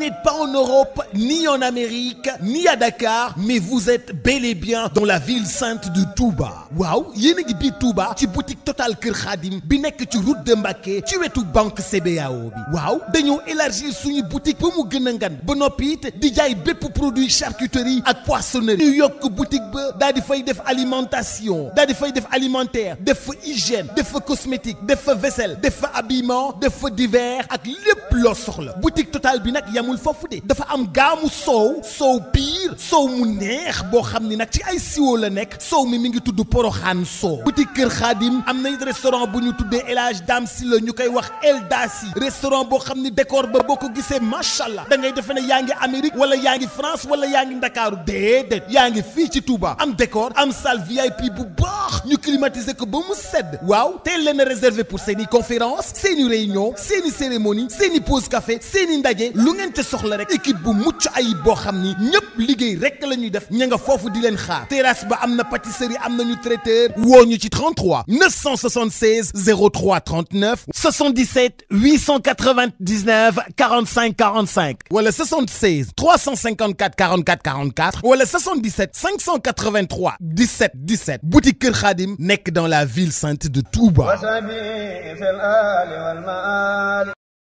n'êtes pas en Europe, ni en Amérique, ni à Dakar, mais vous êtes bel et bien dans la ville sainte de Touba. waaw yéen a ngi biir Touba ci boutique totale Kër Khadim bi nekk ci route de Mbacké ci wetu banque CBAO bi waaw dañoo élargir suñu boutique ba mu gën a ngan ba noppi it di jaay bépp produit charcuterie ak poissonnerie ñu yokk boutique ba daal di fay def alimentation daal di fay def alimentaire def fa hygiène def fa cosmétique def fa vaisselle def fa habillement def fa divers ak lépp yemul foofu de dafa am gaamu soow soow piir soow mu neex boo xam ni nag ci ay siwo la nekk soow mi mi ngi tudd poroxaan soow boutique kër xaadim am nañ restaurant bu ñu tuddee El Hadj Dame si la ñu koy wax El Dasi restaurant boo xam ni décor ba boo ko gisee macha allah da ngay defe ne yaa ngi Amérique wala yaa ngi France wala yaa ngi Ndakaaru déedéet yaa ngi fii ci Touba am décor am salle VIP bu baax ñu climatise ko ba mu sedd waaw teel leen a réserver pour seeni conférence seeni réunion seeni cérémonie seeni pause café seeni ndaje lu ngeen te soxla rek équipe bu mucc ayib boo xam ni ñëpp liggéey rek la ñuy def ña nga foofu di leen xaar terrasse ba am na pâtisserie am nañu traiteur woo ñu ci 33 976 03 39 77 899 45 45 wala 76 354 44 44 wala 77 583 17 17 boutique Kër Xaar Xaadim nekk dans la ville sainte de Touba